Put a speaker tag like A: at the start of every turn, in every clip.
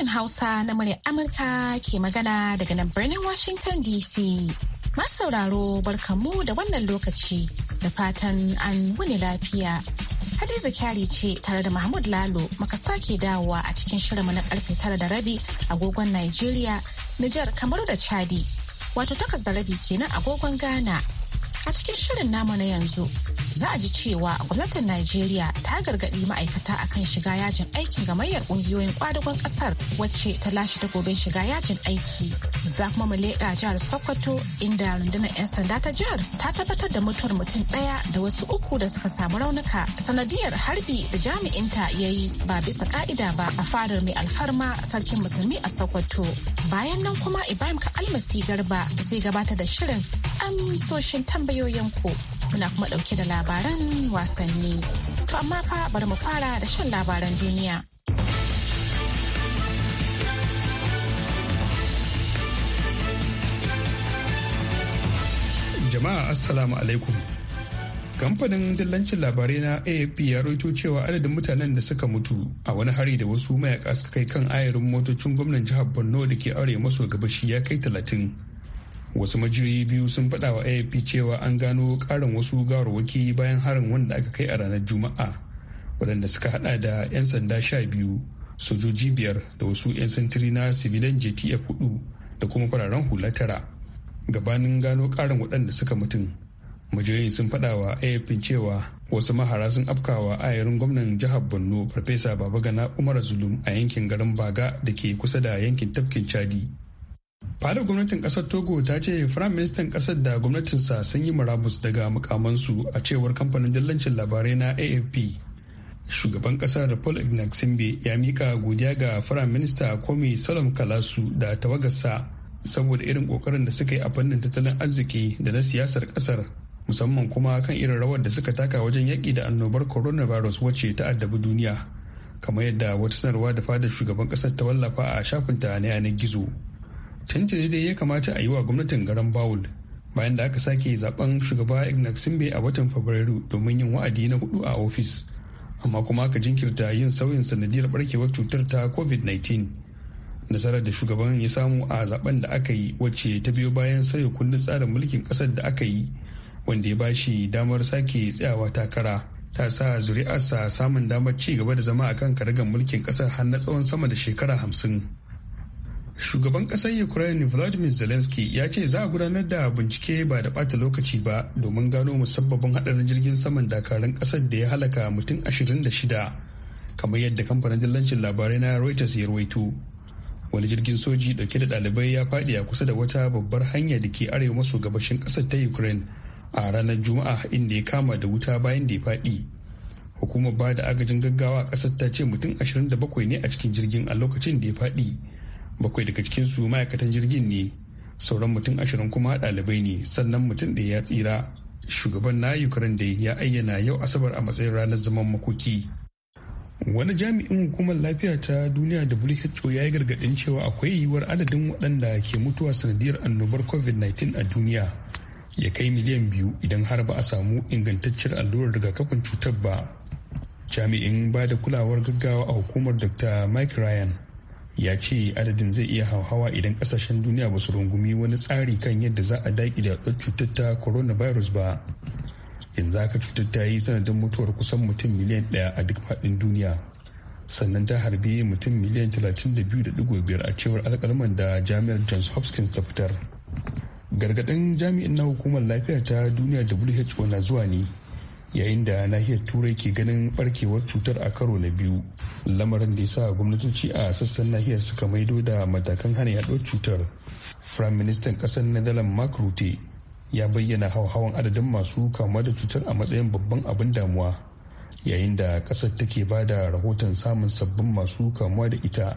A: sashen Hausa na muryar Amurka ke magana daga nan birnin Washington DC. Masu sauraro barkamu da wannan lokaci da fatan an wuni lafiya. Hadiza Kyari ce tare da Mahmud Lalo maka sake dawowa a cikin shirinmu na karfe tara da rabi agogon Najeriya, Nijar, Kamaru da Chadi. Wato takas da rabi kenan agogon Ghana. A cikin shirin namu na yanzu za a ji cewa gwamnatin Najeriya ta gargaɗi ma'aikata a kan shiga yajin aikin gamayyar ƙungiyoyin ƙwadagon ƙasar wacce ta lashe gobe shiga yajin aiki. Za kuma mu jihar Sokoto inda rundunar 'yan sanda ta jihar ta tabbatar da mutuwar mutum ɗaya da wasu uku da suka samu raunuka sanadiyar harbi da jami'inta ya yi ba bisa ka'ida ba a fadar mai alfarma sarkin musulmi a Sokoto. Bayan nan kuma Ibrahim Ka'almasi Garba zai gabatar da shirin amsoshin tambayoyin ku. muna kuma ɗauke da labaran wasanni. To amma fa bari mu fara da shan labaran duniya.
B: Jama'a Assalamu alaikum. Kamfanin dillancin labarai na AFP ya roito cewa adadin mutanen da suka mutu a wani hari da wasu mayaka suka kai kan ayarin motocin gwamnan jihar Borno da ke aure maso gabashi ya kai talatin. wasu majiyoyi biyu sun faɗa wa afp cewa an gano ƙarin wasu gawarwaki bayan harin wanda aka kai a ranar juma'a waɗanda suka hada da 'yan sanda sha biyu sojoji biyar da wasu 'yan sintiri na sibilan jtf hudu da kuma fararen hula tara gabanin gano ƙarin waɗanda suka mutum majiyoyin sun faɗa wa afp cewa wasu mahara sun afkawa ayarin gwamnan jihar borno farfesa babagana umar zulum a yankin garin baga da ke kusa da yankin tafkin chadi fadar gwamnatin kasar togo ta ce firayim ministan kasar da gwamnatinsa sun yi murabus daga mukamansu a cewar kamfanin dillancin labarai na afp shugaban kasar paul ignacimbe ya mika godiya ga firayim minista komi salom kalasu da tawagarsa saboda irin kokarin da suka yi a fannin tattalin arziki da na siyasar kasar musamman kuma kan irin rawar da suka taka wajen yaki da annobar coronavirus wacce ta addabi duniya kamar yadda wata sanarwa da fadar shugaban kasar ta wallafa a shafinta na yanar gizo tuntuni dai ya kamata a yi wa gwamnatin garan bawul bayan da aka sake zaben shugaba ignac simbe a watan fabrairu domin yin wa'adi na hudu a ofis amma kuma aka jinkirta yin sauyin sanadiyar barkewar cutar ta covid-19 nasarar da shugaban ya samu a zaben da aka yi wacce ta biyo bayan sauya kundin tsarin mulkin kasar da aka yi wanda ya bashi damar sake tsayawa takara ta sa zuri'arsa samun damar ci gaba da zama a kan karagar mulkin kasar har na tsawon sama da shekara hamsin shugaban kasar ukraine vladimir zelensky ya ce za a gudanar da bincike ba da bata lokaci ba domin gano musabbabin hadarin jirgin saman dakarun kasar da ya halaka mutum 26 kamar yadda kamfanin dillancin labarai na reuters ya ruwaito wani jirgin soji dauke da dalibai ya fadi a kusa da wata babbar hanya da ke arewa maso gabashin kasar ta ukraine a ranar juma'a inda ya kama da wuta bayan da ya fadi hukumar ba da agajin gaggawa a kasar ta ce mutum 27 ne a cikin jirgin a lokacin da ya fadi. bakwai daga cikin su ma'aikatan jirgin ne sauran mutum ashirin kuma ɗalibai ne sannan mutum ɗaya ya tsira shugaban na ukraine da ya ayyana yau asabar a matsayin ranar zaman makoki wani jami'in hukumar lafiya ta duniya who ya yi gargadin cewa akwai yiwuwar adadin waɗanda ke mutuwa sanadiyar annobar covid-19 a duniya ya kai miliyan biyu idan har ba a samu ingantacciyar allurar rigakafin cutar ba jami'in ba da kulawar gaggawa a hukumar dr mike ryan ya ce adadin zai iya hauhawa idan kasashen duniya ba su rungumi wani tsari kan yadda za a daƙi da cutar ta coronavirus ba yanzu haka cutar ta yi sanadin mutuwar kusan mutum miliyan ɗaya a duk faɗin duniya sannan ta harbi mutum miliyan 32.5 a cewar alƙalman da jami'ar johns hopkins ta fitar gargaɗin jami'in na hukumar lafiya ta duniya who na zuwa ne yayin da nahiyar turai ke ganin barkewar cutar a karo na biyu lamarin da ya sa gwamnatoci a sassan nahiyar suka maido da matakan hana yaduwar cutar prime ministan kasar nadalan mark rutte ya bayyana hauhawan adadin masu kamuwa da cutar a matsayin babban abin damuwa yayin da kasar take ba da rahoton samun sabbin masu kamuwa da ita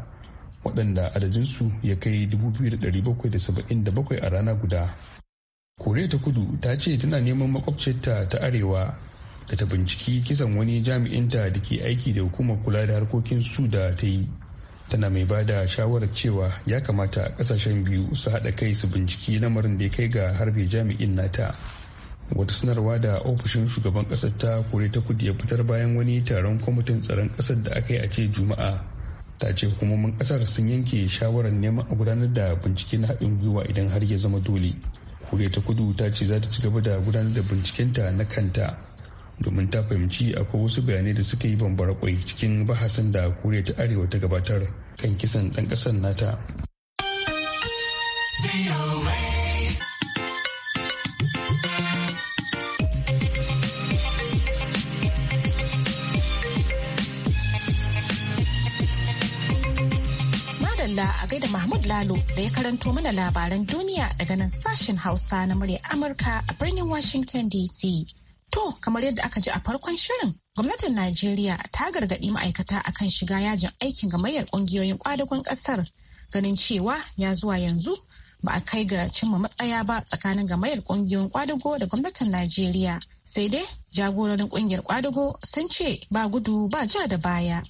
B: waɗanda adadinsu ya kai 2,777 a rana guda koriya ta kudu ta ce tana neman makwabcinta ta arewa da ta binciki kisan wani jami'inta da ke aiki da hukumar kula da harkokin su da ta yi tana mai ba da shawarar cewa ya kamata kasashen biyu su haɗa kai su binciki lamarin da ya kai ga harbe jami'in nata wata sanarwa da ofishin shugaban ƙasar ta kore ta kudu ya fitar bayan wani taron kwamitin tsaron ƙasar da aka yi a ce juma'a ta ce hukumomin ƙasar sun yanke shawarar neman a gudanar da bincike na haɗin gwiwa idan har ya zama dole kure ta kudu ta ce za ta ci gaba da gudanar da bincikenta na kanta domin ta fahimci akwai wasu bayanai da suka yi bambara kwai cikin bahasin da koriya ta arewa ta gabatar kan kisan ɗan ƙasar nata
A: Madalla a gaida Mahmud Lalo da ya karanto mana labaran duniya daga nan sashen Hausa na murya Amurka a birnin Washington DC. To, kamar yadda aka ji a farkon shirin, gwamnatin Najeriya ta gargaɗi ma'aikata akan shiga yajin aikin gamayyar ƙungiyoyin ƙwadagon ƙasar ganin cewa ya zuwa yanzu ba a kai ga cimma matsaya ba tsakanin gamayyar ƙungiyoyin ƙwadago da gwamnatin Najeriya. Sai dai jagororin ƙungiyar ƙwadago sun ce ba gudu ba ja da baya.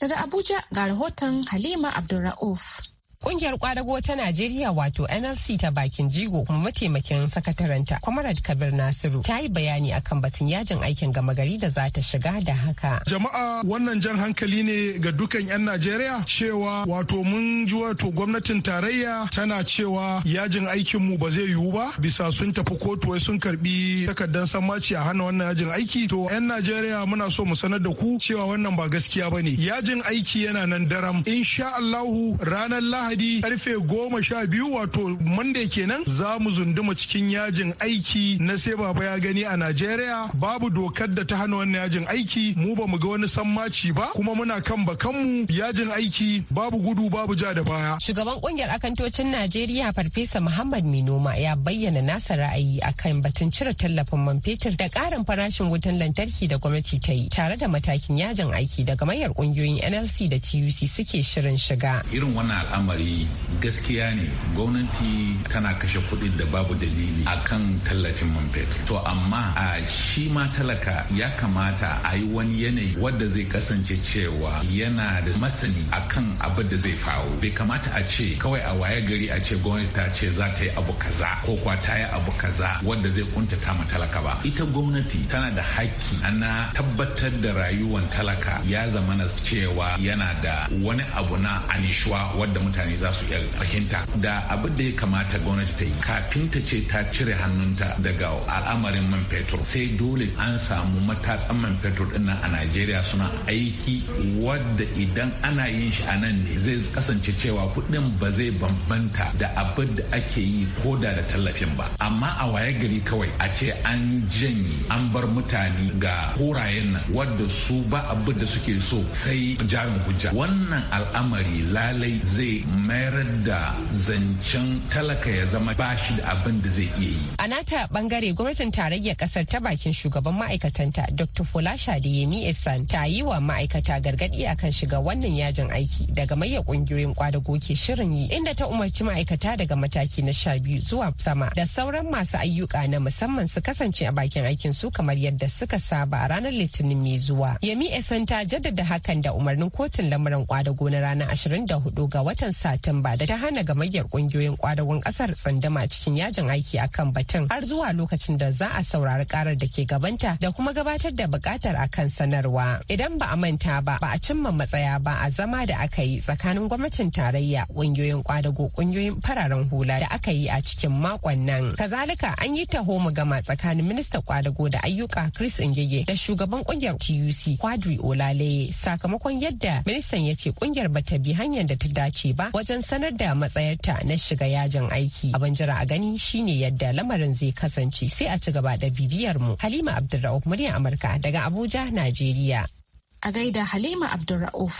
A: Daga Abuja ga rahoton Halima Abdulra'uf. Kungiyar kwadago ta Najeriya wato
C: NLC ta bakin jigo kuma mataimakin sakataranta Kwamarad Kabir Nasiru ta yi bayani akan batun yajin aikin gama gari da za ta shiga da haka.
B: Jama'a wannan jan hankali ne ga dukan 'yan Najeriya cewa wato mun ji wato gwamnatin tarayya tana cewa yajin aikin mu ba zai yiwu ba bisa sun tafi kotu wai sun karbi takardar sammaci a hana wannan yajin aiki to 'yan Najeriya muna so mu sanar da ku cewa wannan ba gaskiya bane yajin aiki yana nan daram insha Allahu ranar Lahadi lahadi karfe goma sha biyu wato monday kenan za mu zunduma cikin yajin aiki na sai baba ya gani a najeriya babu dokar da ta hana wannan yajin aiki mu ba mu ga wani sammaci ba kuma muna kan bakanmu yajin aiki babu gudu babu ja da baya
C: shugaban kungiyar akantocin najeriya farfesa muhammad minoma ya bayyana nasa ra'ayi akan batun cire tallafin man fetur da karin farashin wutan lantarki da gwamnati ta yi tare da matakin yajin aiki daga mayar kungiyoyin nlc da tuc suke shirin shiga
D: irin wannan al'amari kwari gaskiya ne gwamnati tana kashe kuɗi da babu dalili akan tallafin man fetur to amma a shi ma talaka ya kamata a yi wani yanayi wadda zai kasance cewa yana da masani akan abin da zai faru bai kamata a ce kawai a waye gari a ce gwamnati ta ce za ta yi abu kaza ko kwa ta yi abu kaza wadda zai kuntata ma talaka ba ita gwamnati tana da haƙƙi ana tabbatar da rayuwan talaka ya na cewa yana da wani abu na anishuwa wadda mutane mutane za su fahimta da abin da ya kamata gwamnati ta yi kafin ta ce ta cire hannunta daga al'amarin man fetur sai dole an samu matatsan man fetur din nan a Najeriya suna aiki wadda idan ana yin shi a nan ne zai kasance cewa kuɗin ba zai bambanta da abin da ake yi ko da da tallafin ba amma a waye gari kawai a ce an janye an bar mutane ga horayen nan wadda su ba abin da suke so sai jarin hujja wannan al'amari lalai zai mayar da zancen talaka ya zama bashi da abin da zai iya yi.
C: A nata bangare gwamnatin tarayyar kasar ta bakin shugaban ma'aikatanta Dr. Fola Yemi Esan ta yi wa ma'aikata gargadi akan shiga wannan yajin aiki daga maye kungiyoyin kwadago ke shirin yi inda ta umarci ma'aikata daga mataki na sha biyu zuwa sama da sauran masu ayyuka na musamman su kasance a bakin aikin su kamar yadda suka saba a ranar litinin mai zuwa. Yemi Esan ta jaddada hakan da umarnin kotun lamarin kwadago na ranar 24 ga watan sa ba da ta hana gamayyar kungiyoyin kwadagon kasar tsandama cikin yajin aiki akan batun har zuwa lokacin da za a saurari karar da ke gabanta da kuma gabatar da bukatar akan sanarwa. Idan ba a manta ba ba a cimma matsaya ba a zama da aka yi tsakanin gwamnatin tarayya kungiyoyin kwadago kungiyoyin fararen hula da aka yi a cikin makon nan. Kazalika an yi taho gama tsakanin ministan kwadago da ayyuka Chris Ingege da shugaban kungiyar TUC Kwadri Olale sakamakon yadda ministan ya ce kungiyar bata bi hanyar da ta dace ba wajen sanar da matsayarta na shiga yajin aiki. Abin jira a gani shine yadda lamarin zai kasance sai a ci gaba da bibiyar mu. Halima abdurrauf
A: murya Amurka daga Abuja, Najeriya. A gaida Halima Abdulra'uf.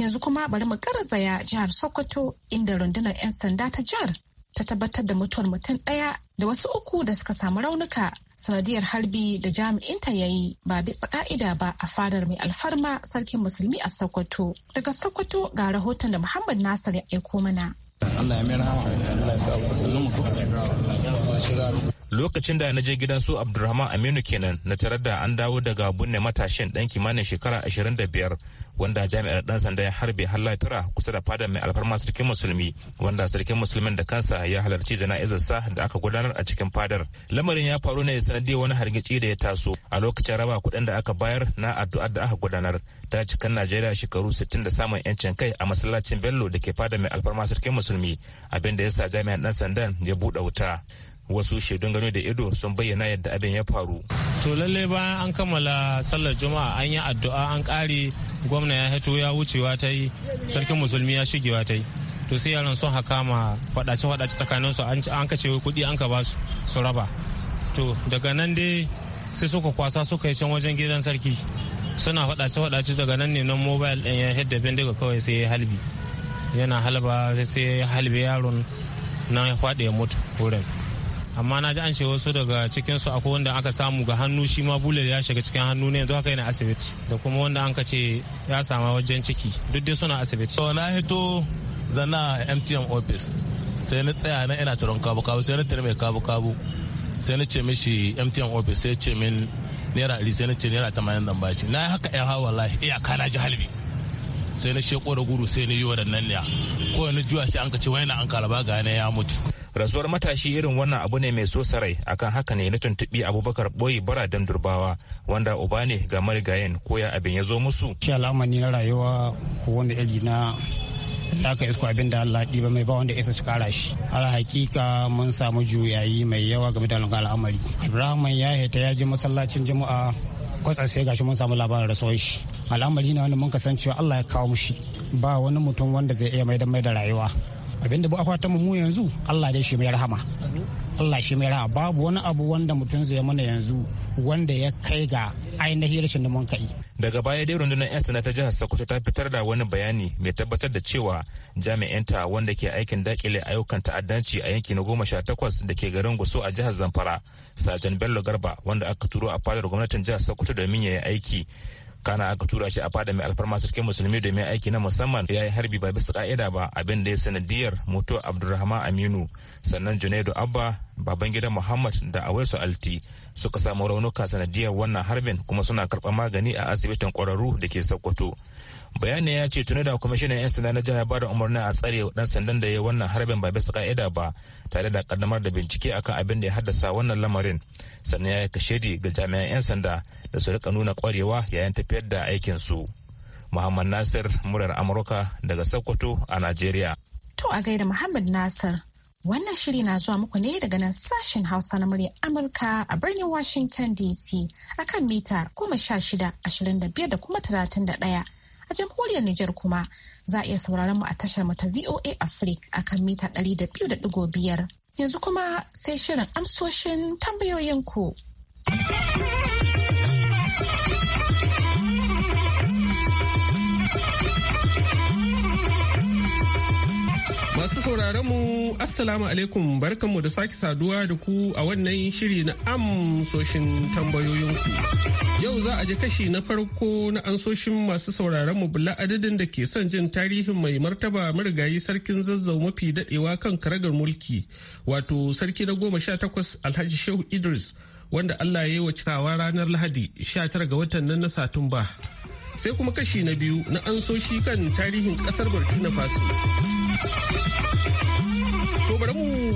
A: Yanzu kuma bari mu garzaya jihar Sokoto inda rundunar 'yan sanda ta jihar ta tabbatar da mutuwar mutum ɗaya da wasu uku da suka samu raunuka sanadiyar harbi da jami'inta ya yi ba bisa ka'ida ba a fadar mai alfarma sarkin musulmi a sokoto daga sokoto ga rahoton da muhammad nasir ya aiko mana
E: lokacin da na je gidan su abdulrahman aminu kenan na tarar da an dawo daga bunne matashin dan kimanin shekara 25 wanda jami'ar dan sanda ya harbe har lafira kusa da fadar mai alfarma sarkin musulmi wanda sarkin musulmin da kansa ya halarci jana'izar sa da aka gudanar a cikin fadar lamarin ya faru ne sanadiyar wani hargitsi da ya taso a lokacin raba kuɗin da aka bayar na addu'ar da aka gudanar ta cikin najeriya shekaru 60 da samun yancin kai a masallacin bello da ke fadar mai alfarma sarkin musulmi abin da ya sa jami'an dan sandan ya buɗe wuta wasu shaidun gano da ido sun bayyana yadda abin ya faru to lalle bayan an kammala sallar juma'a an yi addu'a an kare gwamna ya hato ya wucewa ta yi sarkin musulmi ya shigewa ta yi to sai yaran sun haka ma faɗace faɗace tsakanin su an kace kuɗi an ka ba su raba to daga nan dai sai suka kwasa suka yi can wajen gidan sarki suna faɗace faɗace daga nan ne nan mobile ɗin ya hidda bindiga kawai sai ya halbi yana halba sai sai halbe yaron na ya faɗi ya mutu wurin amma na ji an ce wasu daga cikin su akwai wanda aka samu ga hannu shi ma bullet ya shiga cikin hannu ne yanzu haka yana asibiti da kuma wanda an ka ce ya sama wajen ciki duk dai suna asibiti to na hito zana MTM office sai ni tsaya na ina turan kabu kabu sai ni tare mai kabu kabu sai ni ce mishi MTM office sai ce min naira ɗari sai ni ce naira tamanin zan bashi na yi haka ya hawa wallahi iyaka na ji halbi sai na sheko da guru sai na yi nan ne ko na juya sai an ka ce wai na an kalaba ga ya mutu rasuwar matashi irin wannan abu ne mai so sarai akan haka ne na tuntubi abubakar bara dan durbawa wanda uba ne ga marigayen koya abin ya zo musu
F: shi alamani na rayuwa ko wanda iri na za ka isko abin da Allah ɗiba mai ba wanda isa su kara shi har hakika mun samu juyayi mai yawa game da al'amari ibrahim ya heta ya je masallacin jama'a kwatsa sai gashi mun samu labarin rasuwar shi al'amari na wanda mun kasancewa Allah ya kawo mushi ba wani mutum wanda zai iya mai da rayuwa abinda ba akwata mu yanzu Allah dai shi mai rahama Allah shi mai rahama babu wani abu wanda mutum zai mana yanzu wanda ya
G: kai ga ainihin rashin da mun kai
E: daga baya dai rundunar 'yan sanata ta jihar sokoto ta fitar da wani bayani mai tabbatar da cewa jami'anta wanda ke aikin dakile ayyukan ta'addanci a yanki na goma sha takwas da ke garin guso a jihar zamfara sajan bello garba wanda aka turo a fadar gwamnatin jihar sokoto domin ya yi aiki kana aka tura shi a fada mai alfarma sarkin musulmi domin aiki na musamman ya yi harbi ba bisa ka'ida ba abin da ya sanadiyar mutuwar abdulrahman aminu sannan junaidu abba baban gidan muhammad da awaisu alti suka samu raunuka sanadiyar wannan harbin kuma suna karɓar magani a asibitin ƙwararru da ke sokoto bayanin ya ce tuni da kwamishinan 'yan sanda na jihar ba da umarni a tsare dan sandan da ya wannan harbin ba bisa ka'ida ba tare da kaddamar da bincike akan abin da ya haddasa wannan lamarin sannan ya yi kashedi ga jami'an 'yan sanda da su rika nuna kwarewa yayin tafiyar da aikin su muhammad nasir murar amurka daga sokoto a najeriya
A: to a gaida muhammad nasir wannan shiri na zuwa muku ne daga nan sashen hausa na muryar amurka a birnin washington dc akan mita goma sha shida ashirin da biyar da kuma talatin da ɗaya a jamhuriyar Nijar kuma za a iya sauraron mu a tashar mu ta VOA Africa akan mita 200.5 yanzu kuma sai shirin amsoshin tambayoyin ku.
H: Masu sauraron mu Assalamu alaikum barkanmu da sake saduwa da ku a wannan shiri na amsoshin tambayoyinku. Yau za a ji kashi na farko na ansoshin masu sauraron mu bula adadin da ke son jin tarihin mai martaba marigayi sarkin zazzau mafi daɗewa kan karagar mulki wato sarki na goma sha takwas alhaji shehu idris wanda allah ya yi wa cikawa ranar lahadi sha tara ga watan nan na satumba sai kuma kashi na biyu na ansoshi kan tarihin kasar burkina faso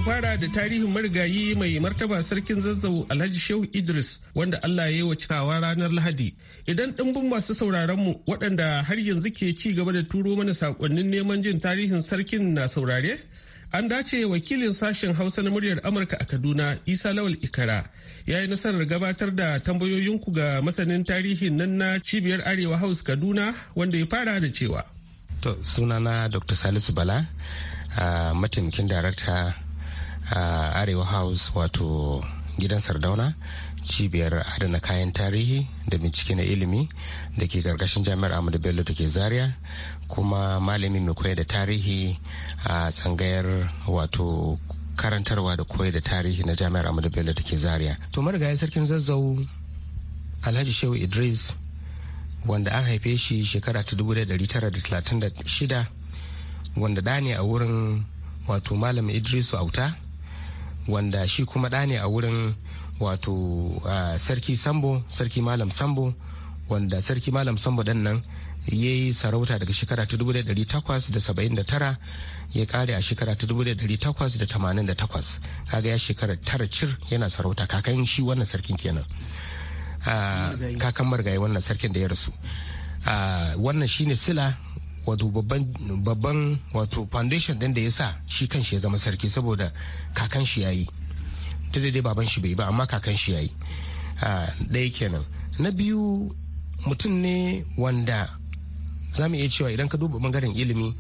H: fara da tarihin marigayi mai martaba sarkin zazzau Alhaji Shehu Idris wanda Allah ya yi wa cikawa ranar Lahadi. Idan ɗimbin masu sauraron mu waɗanda har yanzu ke ci gaba da turo mana saƙonnin neman jin tarihin sarkin na saurare, an dace wakilin sashen Hausa na muryar Amurka a Kaduna Isa Lawal Ikara ya yi nasarar gabatar da tambayoyinku ga masanin tarihin nan na cibiyar Arewa House Kaduna wanda ya fara da cewa.
G: To sunana Dr. Salisu Bala, uh, mataimakin darakta A arewa house wato gidan sardauna cibiyar adana kayan tarihi da bincike na ilimi da ke karkashin jami'ar amadu bello da ke zaria kuma malami mai koyar da tarihi a tsangayar wato karantarwa da koyar da tarihi na jami'ar amadu bello da ke zaria to marigayi sarkin zazzau alhaji shehu idris wanda an haife shi shekara ta 1936 wanda da ne a wurin wato malam Idris auta wanda shi kuma ɗa ne a wurin wato uh, sarki sambo sarki malam sambo wanda sarki malam sambo dan nan ya yi sarauta daga shekara ta tara. ya kare a shekara ta 1888 kaga ya shekara tara cir yana sarauta kakan shi wannan sarkin kenan kakan margaye wannan sarkin da ya rasu wannan shine sila wato babban wato foundation din da ya sa shi kan shi ya zama sarki saboda kakan shi yayi ta daidai baban shi bai ba amma kakan shi yayi ah, ɗaya kenan na biyu mutum ne wanda za mu iya cewa idan ka duba bangaren ilimi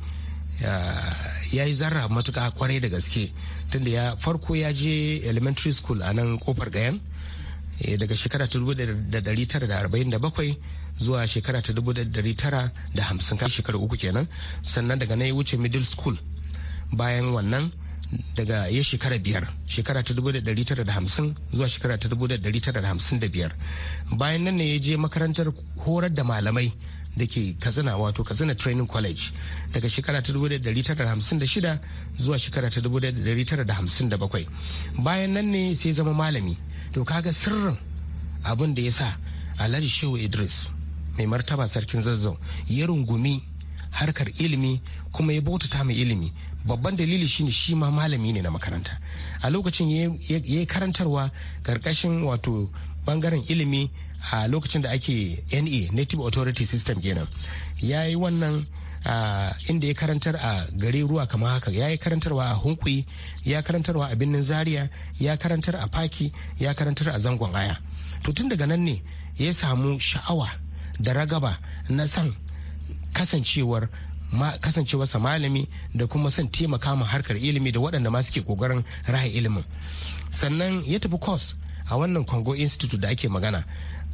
G: ah, ya yi zarra matuka kwarai da gaske tunda ya farko ya je elementary school a nan kofar gayan eh, daga shekara 1947 zuwa shekara ta dubu tara da hamsin kai shekara uku kenan sannan daga nan ya wuce middle school bayan wannan daga ya shekara biyar shekara ta dubu tara da hamsin zuwa shekara ta dubu tara da hamsin da biyar bayan nan ne ya je makarantar horar da malamai da ke katsina wato katsina training college daga shekara ta dubu da shida zuwa shekara ta dubu da da hamsin bakwai bayan nan ne sai zama malami to kaga sirrin abin da ya sa alhaji shehu idris mai martaba sarkin zazzau ya rungumi harkar ilimi kuma ya bautata mai ilimi babban dalili shine shi ma malami ne na makaranta a lokacin ya yi karantarwa karkashin wato bangaren ilimi a lokacin da ake na native authority system kenan ya yi wannan inda ya karantar a gare ruwa kama haka ya yi karantarwa a hunkui ya karantarwa a birnin zaria ya karantar a paki ya karantar a zangon aya to tun daga nan ne ya samu sha'awa da ragaba na san kasancewar kasancewarsa malami da kuma son taimaka ma harkar ilimi da waɗanda ma suke ƙoƙarin raha ilimin sannan ya tafi course a wannan congo institute da ake magana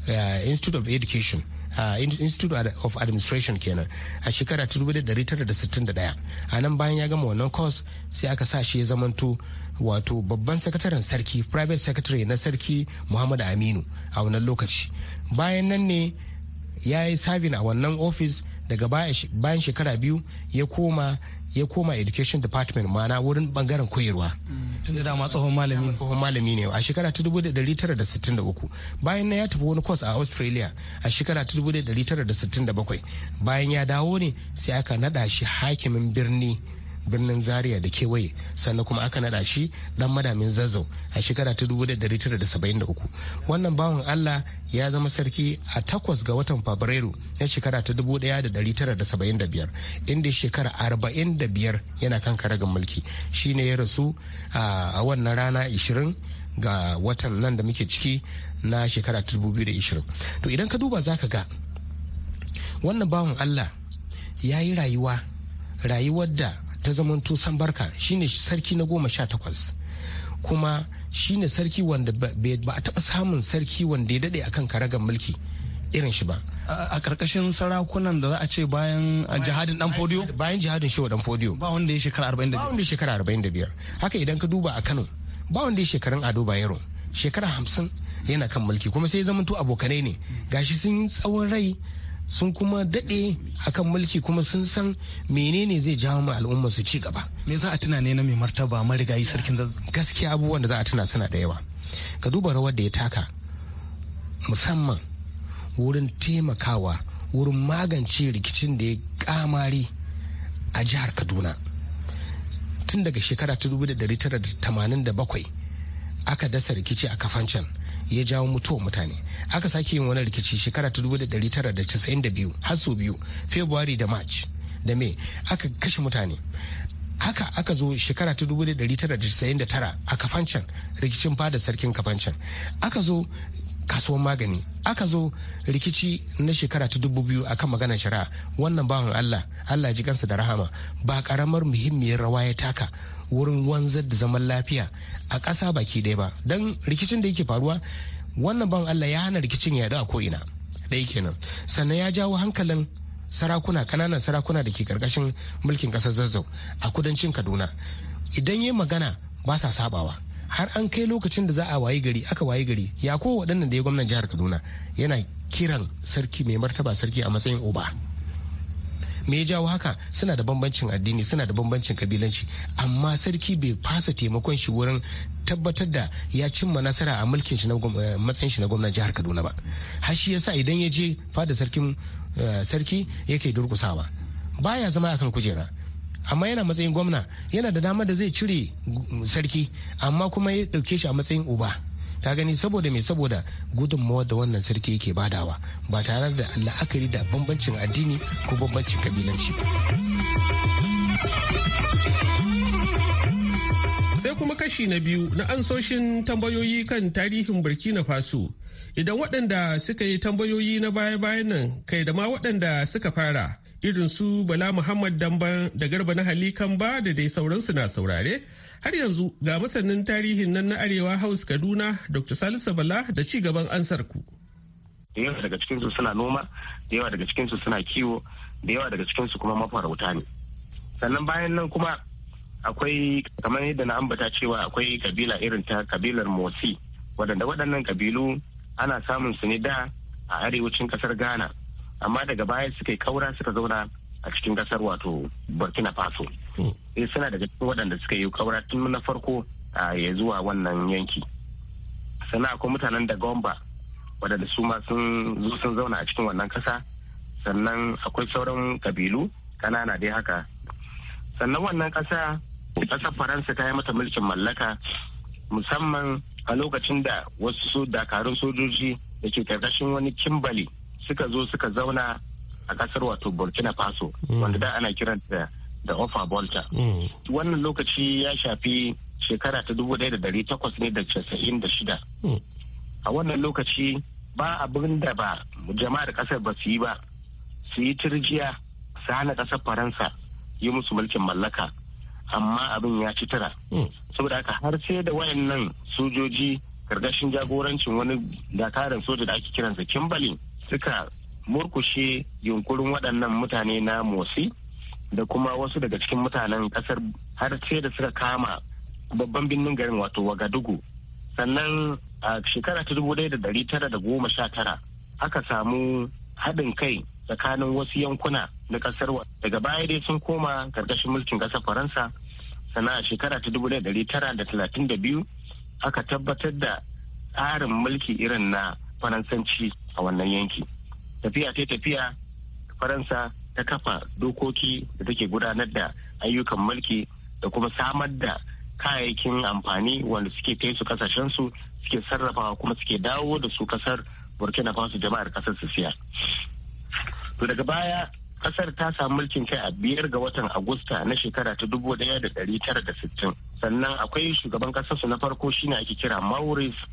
G: eh, institute of education Uh, institute of administration kenan a shekara 1961 a nan bayan ya gama wannan course sai aka sa shi ya zamanto wato babban sakataren sarki private secretary na sarki muhammadu aminu a wannan lokaci bayan nan ne ya yi sabin a wannan ofis daga bayan shekara biyu ya koma ya koma education department mana wurin bangaren koyarwa mm, tunda dama tsohon malami tsohon malami ne a shekara ta 1963 bayan na ya tafi wani course a australia a shekara ta 1967 bayan ya dawo ne sai aka nada shi hakimin birni birnin zaria da kewaye sannan kuma aka nada shi dan madamin zazzau a shekara ta 1973 wannan bawan allah ya zama sarki a takwas ga watan fabrairu na shekara ta 1975 inda shekara 45 yana kan karagan mulki shine ya rasu a wannan rana 20 ga watan nan da muke ciki na shekara 2020 to idan ka duba zaka ga wannan bawan allah ya yi rayuwa rayuwar da ta zamanto barka shine sarki na goma sha takwas kuma shine sarki wanda ba a taɓa samun sarki wanda ya daɗe akan karagar mulki irin shi ba a karkashin sarakunan da za a ce bayan jihadin dan fodiyo bayan jihadin shewa dan fodiyo ba wanda ya shekara 45 ba wanda ya shekara 45 haka idan ka duba a Kano ba wanda ya shekarun Ado Bayero shekara 50 yana kan mulki kuma sai zamantu abokanai ne gashi sun yi tsawon rai sun kuma daɗe akan mulki kuma sun san menene zai jawo ma al'umma su ci gaba me za a tuna ne na mai martaba marigayi sarkin gaskiya abubuwan da za a tuna suna da yawa ka duba rawar da ya taka musamman wurin taimakawa wurin magance rikicin da ya kamari a jihar kaduna tun daga shekara 1987 aka dasa rikici a kafancan ya jawo mutuwar mutane aka sake yin wani rikici shekara ta 1992 har sau biyu february da march da me aka kashe mutane haka aka zo shekara ta 1999 a kafancan rikicin fada sarkin kafancan aka zo kasuwan magani aka zo rikici na shekara ta dubu biyu akan maganar shari'a wannan bawan allah allah ji kansa da rahama ba karamar muhimmiyar rawa ya taka wurin wanzar da zaman lafiya a ƙasa baki ɗaya ba don rikicin da yake faruwa wannan ban Allah ya hana rikicin ya a ko'ina ɗaya kenan sannan ya jawo hankalin sarakuna kananan sarakuna da ke ƙarƙashin mulkin ƙasar zazzau a kudancin kaduna idan yi magana ba sa sabawa har an kai lokacin da za a wayi gari aka wayi gari ya ko waɗannan da ya gwamnan jihar kaduna yana kiran sarki mai martaba sarki a matsayin uba me ya jawo haka suna da bambancin addini suna da bambancin kabilanci amma sarki bai fasa taimakon shi wurin tabbatar da ya cimma nasara a mulkin shi na eh, matsayin shi na gwamnan jihar Kaduna ba har shi yasa idan ya je fada sarkin eh, sarki yake durkusawa baya zama akan kujera amma yana matsayin gwamna yana da dama da zai cire sarki amma kuma ya dauke shi a matsayin uba ta gani saboda mai saboda gudunmawa da wannan sarki yake badawa ba tare da la'akari da bambancin addini ko bambancin kabilanci ba
H: sai kuma kashi na biyu na ansoshin tambayoyi kan tarihin burkina faso idan waɗanda suka yi tambayoyi na baya-bayan nan kai da ma waɗanda suka fara irin su bala muhammad damban da garba na halikan ba da dai sauransu na saurare Har yanzu ga masanin tarihin nan na Arewa House Kaduna Dr. Salisu Bala da ci gaban ansar ku.
F: Da yawa daga cikinsu suna noma, da yawa daga cikinsu suna kiwo, da yawa daga cikinsu kuma mafarauta ne. Sannan bayan nan kuma akwai kamar yadda na ambata cewa akwai kabila irin ta kabilar Motsi, waɗanda waɗannan kabilu ana samun su ne da a arewacin kasar Ghana, amma daga baya suka yi kaura suka zauna a cikin kasar wato Burkina Faso. Mm. Eh, suna daga cikin waɗanda suka yi kaura tun na farko ya zuwa wannan yanki sannan akwai mutanen da gomba waɗanda su ma sun zo sun zauna a cikin wannan ƙasa sannan akwai sauran kabilu kanana dai haka sannan wannan ƙasa ƙasar faransa ta yi mata mulkin mallaka musamman a lokacin da wasu dakarun sojoji da ke karkashin wani kimbali suka zo suka zauna a ƙasar wato burkina faso mm. wanda da ana kiranta da ofa bolta mm. wannan lokaci ya shafi shekara ta dubu ɗaya da dari takwas ne da casa'in da shida mm. a wannan lokaci ba abin da ba jama'ar kasar ba su yi ba su yi turjiya su hana ƙasar faransa yi musu mulkin mallaka amma abin ya ci tara mm. saboda haka har sai da wayannan sojoji karkashin jagorancin wani dakaran soja da ake kiransa kimbalin suka murkushe yunkurin waɗannan mutane na motsi da kuma wasu daga cikin mutanen kasar har sai da suka kama babban birnin garin wato wagadugu sannan a shekara ta dubu da dari tara da goma sha tara aka samu haɗin kai tsakanin wasu yankuna na kasar daga baya dai sun koma karkashin mulkin ƙasar faransa sannan a shekara ta dubu da dari tara da talatin da biyu aka tabbatar da tsarin mulki irin na faransanci a wannan yanki tafiya ta tafiya faransa ta kafa dokoki da take gudanar da ayyukan mulki da kuma samar da kayayyakin amfani wanda suke kai su kasashen su suke sarrafawa kuma suke dawo da su kasar burkina faso jama'ar kasar su siya to daga baya kasar ta samu mulkin kai a biyar ga watan agusta na shekara ta dubu daya da dari tara da sittin sannan akwai shugaban kasar su na farko shine ake kira maurice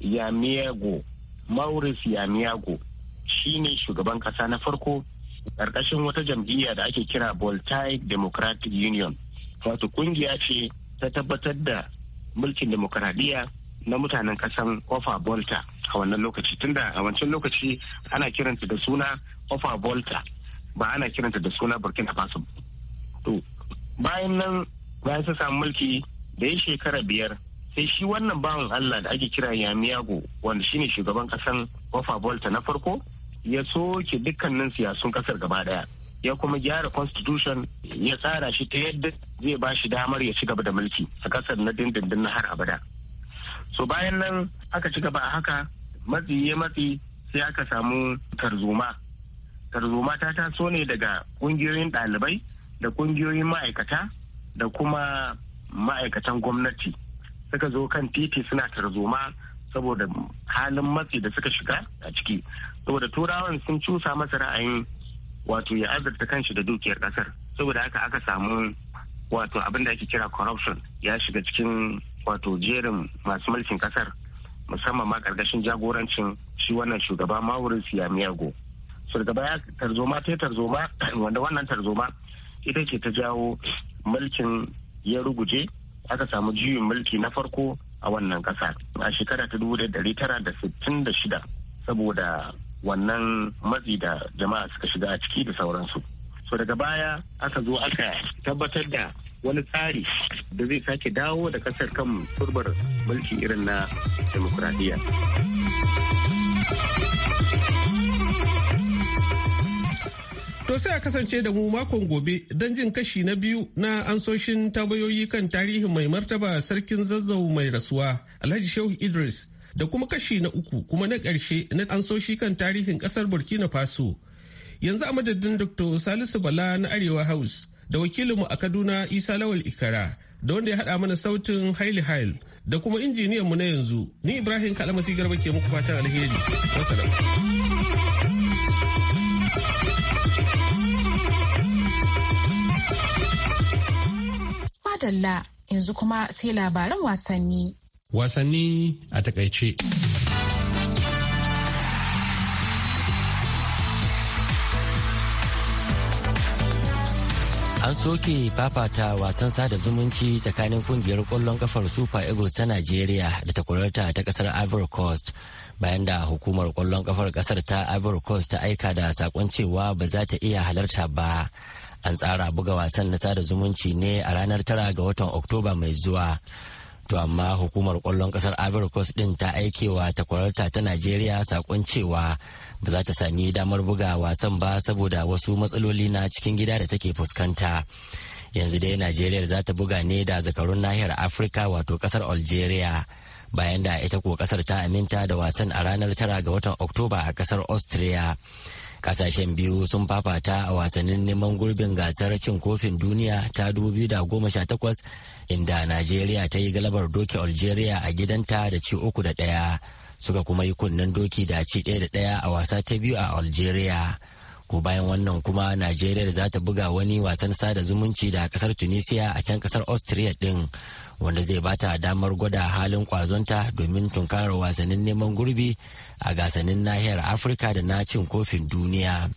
F: yamiago maurice yamiago shine shugaban kasa na farko karkashin wata jam'iyya da ake kira Voltaic Democratic Union wato kungiya ce ta tabbatar da mulkin demokradiyya na mutanen kasan Ofa Volta a wannan lokaci tunda a wancan lokaci ana kiranta da suna Ofa Volta ba ana kiranta da suna Burkina Faso. To bayan nan bayan sa samu mulki da ya shekara biyar sai shi wannan bawan Allah da ake kira Yamiyago wanda shine shugaban kasan ofa Volta na farko ya soke dukkanin siyasun kasar gaba daya ya kuma gyara constitution ya tsara shi ta yadda zai ba shi damar ya ci gaba da mulki a kasar na dindindin na har abada so bayan nan aka ci gaba a haka matsi ya matsi sai aka samu tarzoma tarzoma ta taso ne daga kungiyoyin ɗalibai da kungiyoyin ma'aikata da kuma ma'aikatan gwamnati suka zo kan titi suna tarzoma saboda halin matsi da suka shiga a ciki saboda turawan sun cusa masa ra'ayin wato ya azurta kanshi da dukiyar kasar saboda haka aka samu wato abin da ake kira corruption ya shiga cikin wato jerin masu mulkin kasar musamman ma karkashin jagorancin shi wannan shugaba Maurice Yamiago shugaba ya tarzoma ta tarzoma wanda wannan tarzoma ita ke ta jawo mulkin ya ruguje aka samu juyin mulki na farko a wannan kasa a shekara ta dubu tara da sittin da shida saboda wannan matsi da jama'a suka shiga a ciki da sauransu so daga baya aka zo aka tabbatar da wani tsari da zai sake dawo da kasar kan turbar mulki irin na demokuraɗiyya.
H: To sai a kasance da mu makon gobe don jin kashi na biyu na ansoshin tambayoyi kan tarihin mai martaba sarkin zazzau mai rasuwa Alhaji Shehu Idris da kuma kashi na uku kuma na ƙarshe na ansoshi kan tarihin ƙasar Burkina Faso. Yanzu a madadin Dr. Salisu Bala na Arewa House da wakilinmu a Kaduna Isa Lawal Ikara da wanda ya haɗa mana sautin Haile Haile da kuma injiniyanmu na yanzu ni Ibrahim Kalamasi Garba ke muku fatan alheri. Wasalam.
A: madalla yanzu kuma sai labaran wasanni.
D: Wasanni a takaice.
I: An soke fafata wasan sada zumunci tsakanin kungiyar kwallon kafar Super Eagles ta Najeriya da takwararta ta kasar Ivory Coast bayan da hukumar kwallon kafar kasar ta Ivory Coast ta aika da sakon cewa ba za ta iya halarta ba. an tsara buga wasan na sada zumunci ne a ranar tara ga watan oktoba mai zuwa to amma hukumar kwallon kasar ivory coast din ta aikewa ta kwararta ta najeriya sakon cewa ba za ta sami damar buga wasan ba saboda wasu matsaloli na cikin gida da take fuskanta yanzu dai najeriya za ta buga ne da zakarun nahiyar afirka wato kasar algeria bayan da ita ko kasar ta aminta da wasan a ranar tara ga watan oktoba a kasar austria kasashen biyu sun fafata a wasannin neman gurbin gasar cin kofin duniya ta 2018 inda najeriya ta yi galabar doki algeria a gidanta da ci uku da ɗaya suka kuma yi kunnen doki da ci ɗaya da ɗaya a wasa ta biyu a algeria ko bayan wannan kuma najeriya za ta buga wani wasan sada zumunci da kasar tunisia a can kasar austria din wanda zai bata damar gwada halin kwazonta domin tunkarar wasannin neman gurbi a gasannin nahiyar afirka da na cin kofin duniya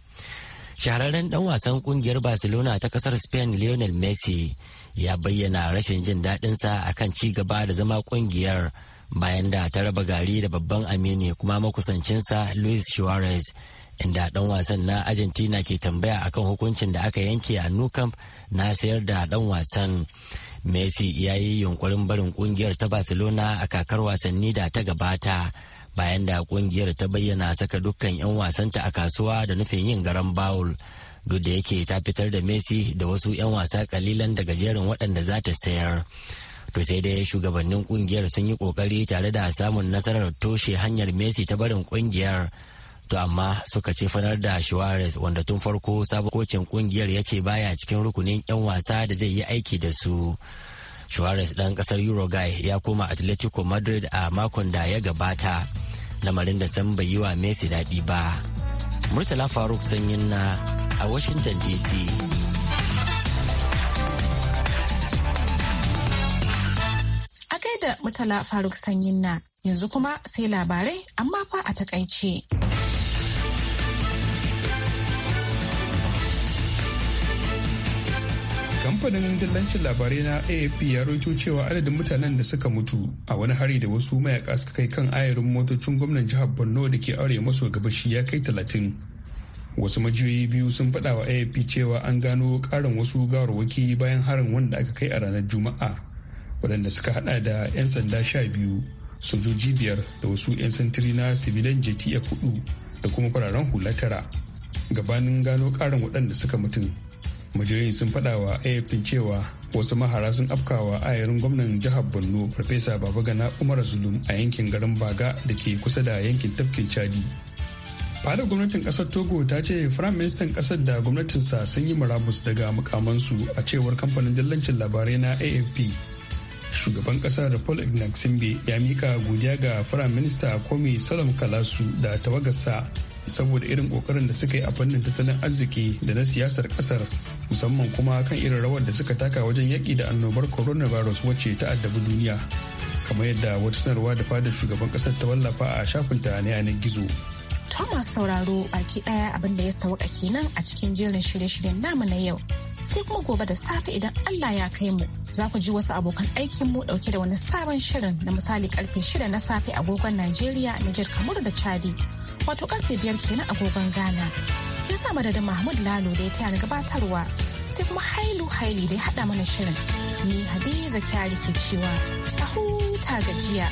I: shahararren dan wasan kungiyar barcelona ta kasar spain lionel messi ya bayyana rashin jin daɗinsa akan ci gaba da zama kungiyar bayan da ta raba gari da babban amini kuma makusancinsa luis suarez inda dan wasan na argentina ke tambaya akan hukuncin da aka yanke a camp na sayar da dan wasan messi ya yi yunkurin barin kungiyar ta barcelona a kakar wasanni da ta gabata bayan da kungiyar ta bayyana saka dukkan 'yan wasanta a kasuwa da nufin yin garan bawul duk da yake ta fitar da messi da wasu 'yan wasa kalilan daga jerin waɗanda za ta sayar to sai dai shugabannin kungiyar sun yi kokari tare da samun nasarar toshe hanyar messi ta barin kungiyar to amma suka ce fanar da Suarez wanda tun farko sabon kocin kungiyar ya ce baya cikin rukunin 'yan wasa da zai yi aiki da su. Suarez ɗan ƙasar Uruguay ya koma Atletico Madrid a makon da ya gabata, lamarin da san bai yi wa Messi daɗi ba. Murtala Faruk sanyin na a Washington DC.
A: A gaida Murtala Faruk sanyin na yanzu kuma sai labarai amma fa a takaice.
B: kamfanin dillancin labarai na afp ya raito cewa adadin mutanen da suka mutu a wani hari da wasu mayaka suka kai kan ayarin motocin gwamnan jihar borno da ke aure maso gabashi ya kai talatin wasu majiyoyi biyu sun faɗa wa afp cewa an gano ƙarin wasu gawarwaki bayan harin wanda aka kai a ranar juma'a waɗanda suka haɗa da 'yan sanda sha biyu sojoji biyar da wasu 'yan sintiri na sibilan jtf 4 da kuma fararen hula tara gabanin gano ƙarin waɗanda suka mutum majiyoyin sun faɗa wa afp cewa wasu mahara sun afkawa ayarin gwamnan jihar borno farfesa babagana umar zulum a yankin garin baga da ke kusa da yankin tafkin chadi fadar gwamnatin kasar togo ta ce firayim ministan kasar da gwamnatinsa sun yi murabus daga mukamansu a cewar kamfanin dillancin labarai na afp shugaban kasar paul ignac ya mika godiya ga firayim minista komi salam kalasu da tawagarsa saboda irin kokarin da suka yi a fannin tattalin arziki da na siyasar kasar musamman kuma kan irin rawar da suka taka wajen yaƙi da annobar coronavirus wacce ta addabi duniya kamar yadda wata sanarwa da fadar shugaban kasar ta wallafa a shafin ta na yanar gizo
A: Thomas sauraro baki ɗaya abin da ya sauka kenan a cikin jerin shirye-shiryen namu na yau sai kuma gobe da safe idan Allah ya kai mu za ku ji wasu abokan aikin mu dauke da wani sabon shirin na misali karfe 6 na safe agogon Najeriya, Nijar, Kamaru da Chadi. wato karfe biyar kenan agogon ghana ya sa madadin mahmud lalo da ya taya ni gabatarwa sai kuma hailu haili da ya haɗa mana shirin ni hadiza kyari ke cewa a huta gajiya